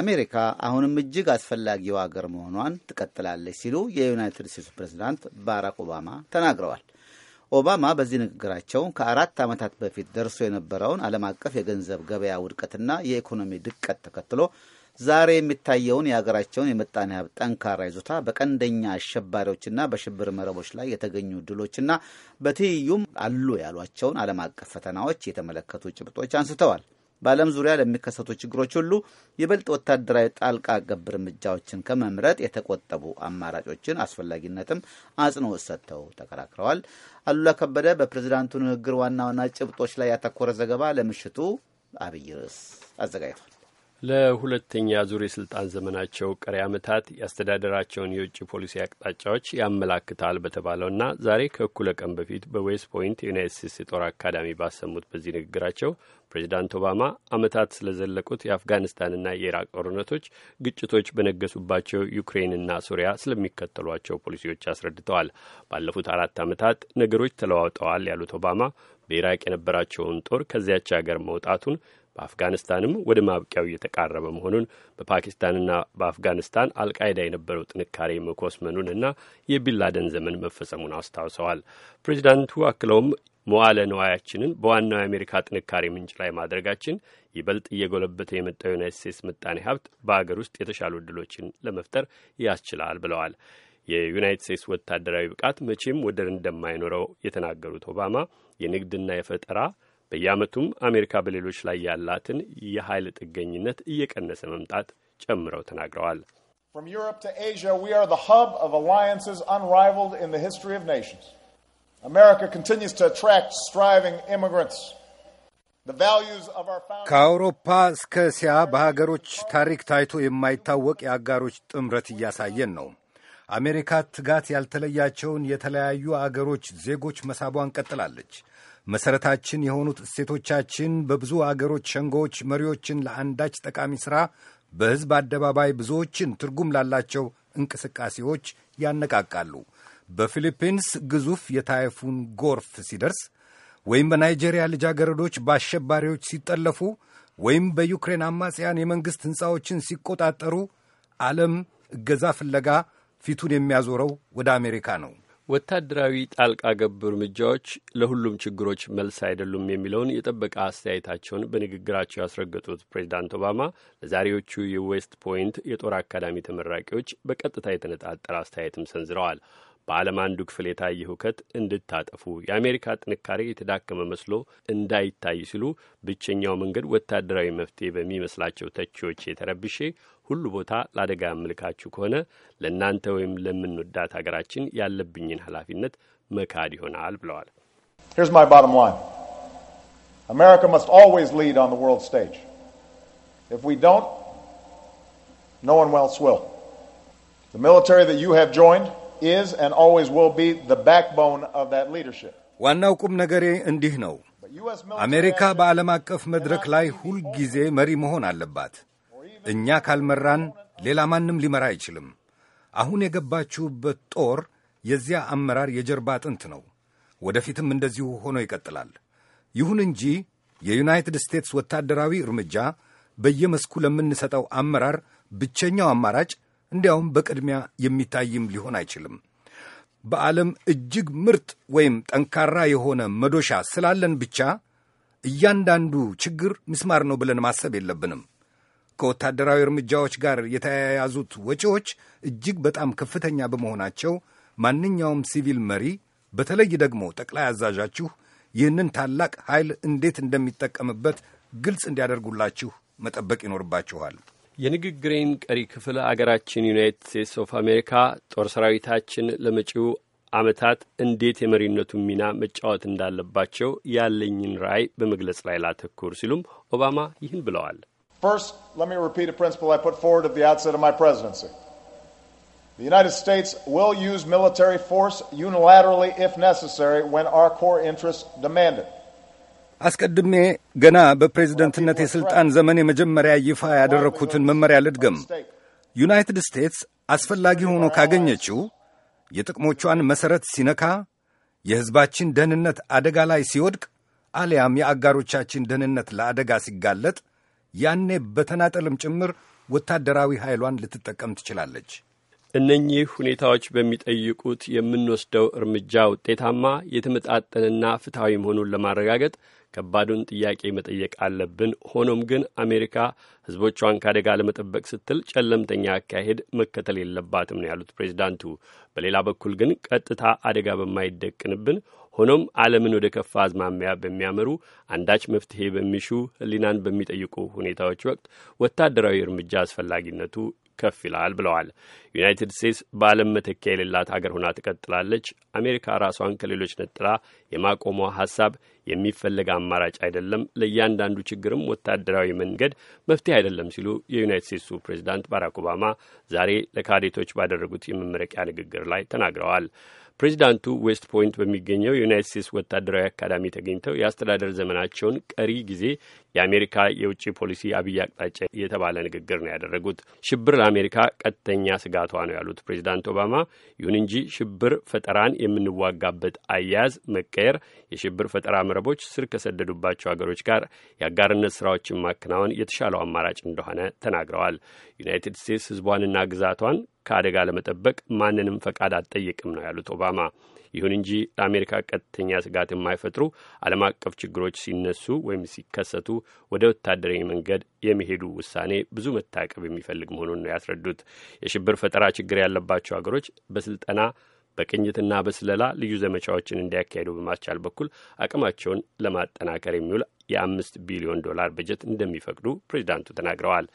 አሜሪካ አሁንም እጅግ አስፈላጊው አገር መሆኗን ትቀጥላለች ሲሉ የዩናይትድ ስቴትስ ፕሬዚዳንት ባራክ ኦባማ ተናግረዋል። ኦባማ በዚህ ንግግራቸው ከአራት ዓመታት በፊት ደርሶ የነበረውን ዓለም አቀፍ የገንዘብ ገበያ ውድቀትና የኢኮኖሚ ድቀት ተከትሎ ዛሬ የሚታየውን የሀገራቸውን የምጣኔ ሀብት ጠንካራ ይዞታ በቀንደኛ አሸባሪዎችና በሽብር መረቦች ላይ የተገኙ ድሎችና በትይዩም አሉ ያሏቸውን ዓለም አቀፍ ፈተናዎች የተመለከቱ ጭብጦች አንስተዋል። በዓለም ዙሪያ ለሚከሰቱ ችግሮች ሁሉ ይበልጥ ወታደራዊ ጣልቃ ገብ እርምጃዎችን ከመምረጥ የተቆጠቡ አማራጮችን አስፈላጊነትም አጽንኦት ሰጥተው ተከራክረዋል። አሉላ ከበደ በፕሬዚዳንቱ ንግግር ዋና ዋና ጭብጦች ላይ ያተኮረ ዘገባ ለምሽቱ አብይ ርዕስ አዘጋጅቷል። ለሁለተኛ ዙር የስልጣን ዘመናቸው ቀሪ ዓመታት የአስተዳደራቸውን የውጭ ፖሊሲ አቅጣጫዎች ያመላክታል በተባለውና ዛሬ ከእኩለ ቀን በፊት በዌስት ፖይንት የዩናይት ስቴትስ የጦር አካዳሚ ባሰሙት በዚህ ንግግራቸው ፕሬዚዳንት ኦባማ ዓመታት ስለዘለቁት የአፍጋኒስታንና የኢራቅ ጦርነቶች፣ ግጭቶች በነገሱባቸው ዩክሬንና ሱሪያ ስለሚከተሏቸው ፖሊሲዎች አስረድተዋል። ባለፉት አራት ዓመታት ነገሮች ተለዋውጠዋል ያሉት ኦባማ በኢራቅ የነበራቸውን ጦር ከዚያች ሀገር መውጣቱን በአፍጋኒስታንም ወደ ማብቂያው እየተቃረበ መሆኑን በፓኪስታንና በአፍጋኒስታን አልቃይዳ የነበረው ጥንካሬ መኮስመኑንና የቢንላደን ዘመን መፈጸሙን አስታውሰዋል። ፕሬዚዳንቱ አክለውም መዋለ ንዋያችንን በዋናው የአሜሪካ ጥንካሬ ምንጭ ላይ ማድረጋችን ይበልጥ እየጎለበተ የመጣው ዩናይት ስቴትስ ምጣኔ ሀብት በሀገር ውስጥ የተሻሉ እድሎችን ለመፍጠር ያስችላል ብለዋል። የዩናይት ስቴትስ ወታደራዊ ብቃት መቼም ወደር እንደማይኖረው የተናገሩት ኦባማ የንግድና የፈጠራ በየዓመቱም አሜሪካ በሌሎች ላይ ያላትን የኃይል ጥገኝነት እየቀነሰ መምጣት ጨምረው ተናግረዋል። ከአውሮፓ እስከ እስያ በሀገሮች ታሪክ ታይቶ የማይታወቅ የአጋሮች ጥምረት እያሳየን ነው። አሜሪካ ትጋት ያልተለያቸውን የተለያዩ አገሮች ዜጎች መሳቧን ቀጥላለች። መሰረታችን የሆኑት እሴቶቻችን በብዙ አገሮች ሸንጎዎች መሪዎችን ለአንዳች ጠቃሚ ሥራ በሕዝብ አደባባይ ብዙዎችን ትርጉም ላላቸው እንቅስቃሴዎች ያነቃቃሉ። በፊሊፒንስ ግዙፍ የታይፉን ጎርፍ ሲደርስ ወይም በናይጄሪያ ልጃገረዶች በአሸባሪዎች ሲጠለፉ ወይም በዩክሬን አማጽያን የመንግሥት ሕንፃዎችን ሲቆጣጠሩ ዓለም እገዛ ፍለጋ ፊቱን የሚያዞረው ወደ አሜሪካ ነው። ወታደራዊ ጣልቃ ገብ እርምጃዎች ለሁሉም ችግሮች መልስ አይደሉም የሚለውን የጠበቀ አስተያየታቸውን በንግግራቸው ያስረገጡት ፕሬዚዳንት ኦባማ ለዛሬዎቹ የዌስት ፖይንት የጦር አካዳሚ ተመራቂዎች በቀጥታ የተነጣጠረ አስተያየትም ሰንዝረዋል። በዓለም አንዱ ክፍል የታየ ሁከት እንድታጠፉ የአሜሪካ ጥንካሬ የተዳከመ መስሎ እንዳይታይ ሲሉ ብቸኛው መንገድ ወታደራዊ መፍትሄ በሚመስላቸው ተቺዎች የተረብሼ ሁሉ ቦታ ለአደጋ ያመልካችሁ ከሆነ ለእናንተ ወይም ለምንወዳት ሀገራችን ያለብኝን ኃላፊነት መካድ ይሆናል ብለዋል። ዋናው ቁም ነገሬ እንዲህ ነው። አሜሪካ በዓለም አቀፍ መድረክ ላይ ሁልጊዜ መሪ መሆን አለባት። እኛ ካልመራን ሌላ ማንም ሊመራ አይችልም። አሁን የገባችሁበት ጦር የዚያ አመራር የጀርባ አጥንት ነው። ወደፊትም እንደዚሁ ሆኖ ይቀጥላል። ይሁን እንጂ የዩናይትድ ስቴትስ ወታደራዊ እርምጃ በየመስኩ ለምንሰጠው አመራር ብቸኛው አማራጭ እንዲያውም በቅድሚያ የሚታይም ሊሆን አይችልም። በዓለም እጅግ ምርጥ ወይም ጠንካራ የሆነ መዶሻ ስላለን ብቻ እያንዳንዱ ችግር ምስማር ነው ብለን ማሰብ የለብንም። ከወታደራዊ እርምጃዎች ጋር የተያያዙት ወጪዎች እጅግ በጣም ከፍተኛ በመሆናቸው ማንኛውም ሲቪል መሪ በተለይ ደግሞ ጠቅላይ አዛዣችሁ ይህንን ታላቅ ኃይል እንዴት እንደሚጠቀምበት ግልጽ እንዲያደርጉላችሁ መጠበቅ ይኖርባችኋል። የንግግሬን ቀሪ ክፍል አገራችን ዩናይትድ ስቴትስ ኦፍ አሜሪካ ጦር ሰራዊታችን ለመጪው ዓመታት እንዴት የመሪነቱን ሚና መጫወት እንዳለባቸው ያለኝን ራዕይ በመግለጽ ላይ ላተኩር ሲሉም ኦባማ ይህን ብለዋል። First, let me repeat a principle I put forward at the outset of my presidency. The United States will use military force unilaterally if necessary when our core interests demand it. አስቀድሜ ገና በፕሬዝደንትነት የሥልጣን ዘመን የመጀመሪያ ይፋ ያደረግኩትን መመሪያ ልድገም። ዩናይትድ ስቴትስ አስፈላጊ ሆኖ ካገኘችው የጥቅሞቿን መሠረት ሲነካ፣ የሕዝባችን ደህንነት አደጋ ላይ ሲወድቅ፣ አሊያም የአጋሮቻችን ደህንነት ለአደጋ ሲጋለጥ ያኔ በተናጠልም ጭምር ወታደራዊ ኃይሏን ልትጠቀም ትችላለች። እነኚህ ሁኔታዎች በሚጠይቁት የምንወስደው እርምጃ ውጤታማ የተመጣጠንና ፍትሐዊ መሆኑን ለማረጋገጥ ከባዱን ጥያቄ መጠየቅ አለብን። ሆኖም ግን አሜሪካ ሕዝቦቿን ከአደጋ ለመጠበቅ ስትል ጨለምተኛ አካሄድ መከተል የለባትም ነው ያሉት ፕሬዚዳንቱ። በሌላ በኩል ግን ቀጥታ አደጋ በማይደቅንብን ሆኖም ዓለምን ወደ ከፋ አዝማሚያ በሚያመሩ አንዳች መፍትሄ በሚሹ ሕሊናን በሚጠይቁ ሁኔታዎች ወቅት ወታደራዊ እርምጃ አስፈላጊነቱ ከፍ ይላል ብለዋል። ዩናይትድ ስቴትስ በዓለም መተኪያ የሌላት አገር ሆና ትቀጥላለች። አሜሪካ ራሷን ከሌሎች ነጥላ የማቆሟ ሀሳብ የሚፈለግ አማራጭ አይደለም፣ ለእያንዳንዱ ችግርም ወታደራዊ መንገድ መፍትሄ አይደለም ሲሉ የዩናይትድ ስቴትሱ ፕሬዚዳንት ባራክ ኦባማ ዛሬ ለካዴቶች ባደረጉት የመመረቂያ ንግግር ላይ ተናግረዋል። ፕሬዚዳንቱ ዌስት ፖይንት በሚገኘው የዩናይት ስቴትስ ወታደራዊ አካዳሚ ተገኝተው የአስተዳደር ዘመናቸውን ቀሪ ጊዜ የአሜሪካ የውጭ ፖሊሲ አብይ አቅጣጫ የተባለ ንግግር ነው ያደረጉት። ሽብር ለአሜሪካ ቀጥተኛ ስጋቷ ነው ያሉት ፕሬዚዳንት ኦባማ፣ ይሁን እንጂ ሽብር ፈጠራን የምንዋጋበት አያያዝ መቀየር፣ የሽብር ፈጠራ መረቦች ስር ከሰደዱባቸው ሀገሮች ጋር የአጋርነት ስራዎችን ማከናወን የተሻለው አማራጭ እንደሆነ ተናግረዋል። ዩናይትድ ስቴትስ ህዝቧንና ግዛቷን ከአደጋ ለመጠበቅ ማንንም ፈቃድ አትጠይቅም ነው ያሉት ኦባማ። ይሁን እንጂ ለአሜሪካ ቀጥተኛ ስጋት የማይፈጥሩ ዓለም አቀፍ ችግሮች ሲነሱ ወይም ሲከሰቱ ወደ ወታደራዊ መንገድ የመሄዱ ውሳኔ ብዙ መታቀብ የሚፈልግ መሆኑን ነው ያስረዱት። የሽብር ፈጠራ ችግር ያለባቸው ሀገሮች በስልጠና በቅኝትና በስለላ ልዩ ዘመቻዎችን እንዲያካሄዱ በማስቻል በኩል አቅማቸውን ለማጠናከር የሚውል የአምስት ቢሊዮን ዶላር በጀት እንደሚፈቅዱ ፕሬዚዳንቱ ተናግረዋል።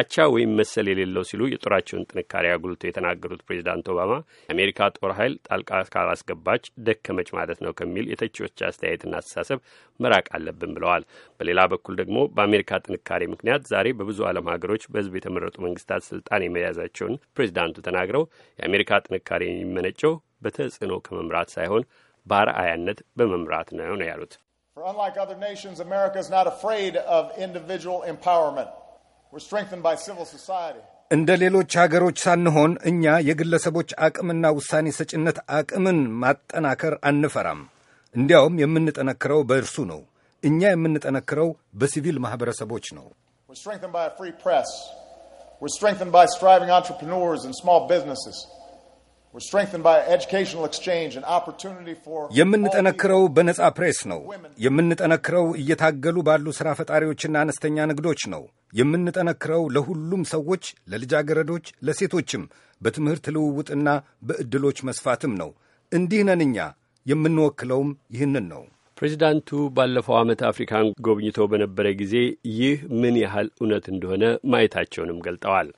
አቻ ወይም መሰል የሌለው ሲሉ የጦራቸውን ጥንካሬ አጉልቶ የተናገሩት ፕሬዚዳንት ኦባማ የአሜሪካ ጦር ኃይል ጣልቃ ካላስገባች ደከመች ማለት ነው ከሚል የተቺዎች አስተያየትና አስተሳሰብ መራቅ አለብን ብለዋል። በሌላ በኩል ደግሞ በአሜሪካ ጥንካሬ ምክንያት ዛሬ በብዙ ዓለም ሀገሮች በህዝብ የተመረጡ መንግስታት ስልጣን የመያዛቸውን ፕሬዚዳንቱ ተናግረው የአሜሪካ ጥንካሬ የሚመነጨው በተጽዕኖ ከመምራት ሳይሆን በአርአያነት በመምራት ነው ነው ያሉት። እንደ ሌሎች ሀገሮች ሳንሆን እኛ የግለሰቦች አቅምና ውሳኔ ሰጭነት አቅምን ማጠናከር አንፈራም። እንዲያውም የምንጠነክረው በእርሱ ነው። እኛ የምንጠነክረው በሲቪል ማኅበረሰቦች ነው። የምንጠነክረው በነጻ ፕሬስ ነው። የምንጠነክረው እየታገሉ ባሉ ሥራ ፈጣሪዎችና አነስተኛ ንግዶች ነው። የምንጠነክረው ለሁሉም ሰዎች፣ ለልጃገረዶች፣ ለሴቶችም በትምህርት ልውውጥና በዕድሎች መስፋትም ነው። እንዲህ ነን እኛ። የምንወክለውም ይህንን ነው። ፕሬዚዳንቱ ባለፈው ዓመት አፍሪካን ጎብኝቶ በነበረ ጊዜ ይህ ምን ያህል እውነት እንደሆነ ማየታቸውንም ገልጠዋል።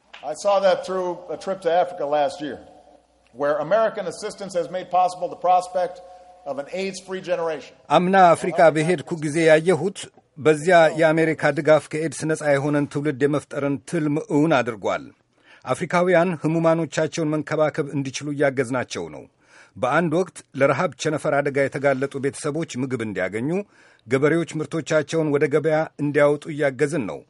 where American assistance has made አምና አፍሪካ በሄድኩ ጊዜ ያየሁት በዚያ የአሜሪካ ድጋፍ ከኤድስ ነጻ የሆነን ትውልድ የመፍጠርን ትልም እውን አድርጓል። አፍሪካውያን ህሙማኖቻቸውን መንከባከብ እንዲችሉ እያገዝናቸው ነው። በአንድ ወቅት ለረሃብ ቸነፈር አደጋ የተጋለጡ ቤተሰቦች ምግብ እንዲያገኙ፣ ገበሬዎች ምርቶቻቸውን ወደ ገበያ እንዲያወጡ እያገዝን ነው።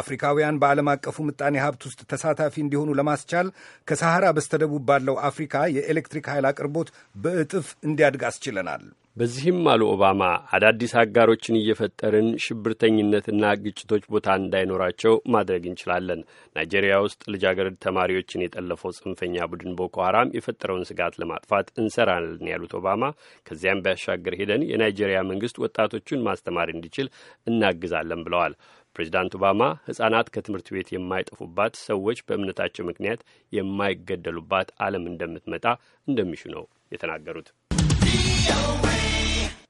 አፍሪካውያን በዓለም አቀፉ ምጣኔ ሀብት ውስጥ ተሳታፊ እንዲሆኑ ለማስቻል ከሰሐራ በስተደቡብ ባለው አፍሪካ የኤሌክትሪክ ኃይል አቅርቦት በእጥፍ እንዲያድግ አስችለናል። በዚህም አሉ ኦባማ አዳዲስ አጋሮችን እየፈጠርን ሽብርተኝነትና ግጭቶች ቦታ እንዳይኖራቸው ማድረግ እንችላለን። ናይጄሪያ ውስጥ ልጃገረድ ተማሪዎችን የጠለፈው ጽንፈኛ ቡድን ቦኮ ሀራም የፈጠረውን ስጋት ለማጥፋት እንሰራለን ያሉት ኦባማ ከዚያም ቢያሻገር ሄደን የናይጄሪያ መንግስት ወጣቶቹን ማስተማር እንዲችል እናግዛለን ብለዋል። ፕሬዚዳንት ኦባማ ሕፃናት ከትምህርት ቤት የማይጠፉባት፣ ሰዎች በእምነታቸው ምክንያት የማይገደሉባት ዓለም እንደምትመጣ እንደሚሹ ነው የተናገሩት።